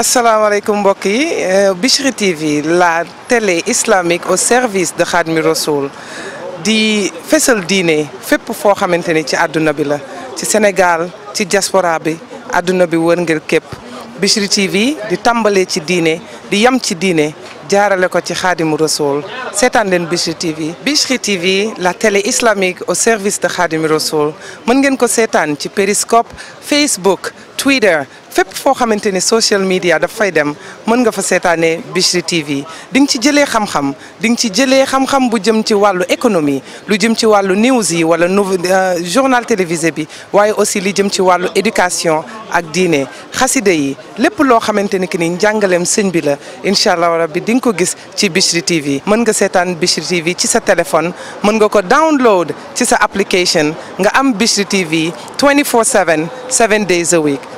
asalaamaaleykum mbokk yi euh, Bichri TV la télé islamique au service de Khadmi Rassoul di fésal diine fépp foo xamante ni ci àdduna bi la ci Sénégal ci diaspora bi àdduna bi wërngël képp Bichri TV di tàmbalee ci diine di yam ci diine jaarale ko ci Khadimu Rassoul seetaan leen Bichri TV Bichri TV la télé islamique au service de Khadimi Rassoul mën ngeen ko seetaan ci Periscope Facebook Twitter fépp foo xamante ne social media daf fay dem mën nga fa seetaanee Bichri TV di nga ci jëlee xam-xam di nga ci jëlee xam-xam bu jëm ci wàllu économie lu jëm ci wàllu news yi wala nouveau euh, journal télévisé bi waaye aussi li jëm ci wàllu éducation ak diine xasida yi lépp loo xamante ni que ni njàngaleem sëñ bi la incha allah rabbi di nga ko gis ci Bichri TV mën nga seetaan Bichri TV ci sa téléphone mën nga ko download ci sa application nga am Bichri TV 24/7 7 days a week.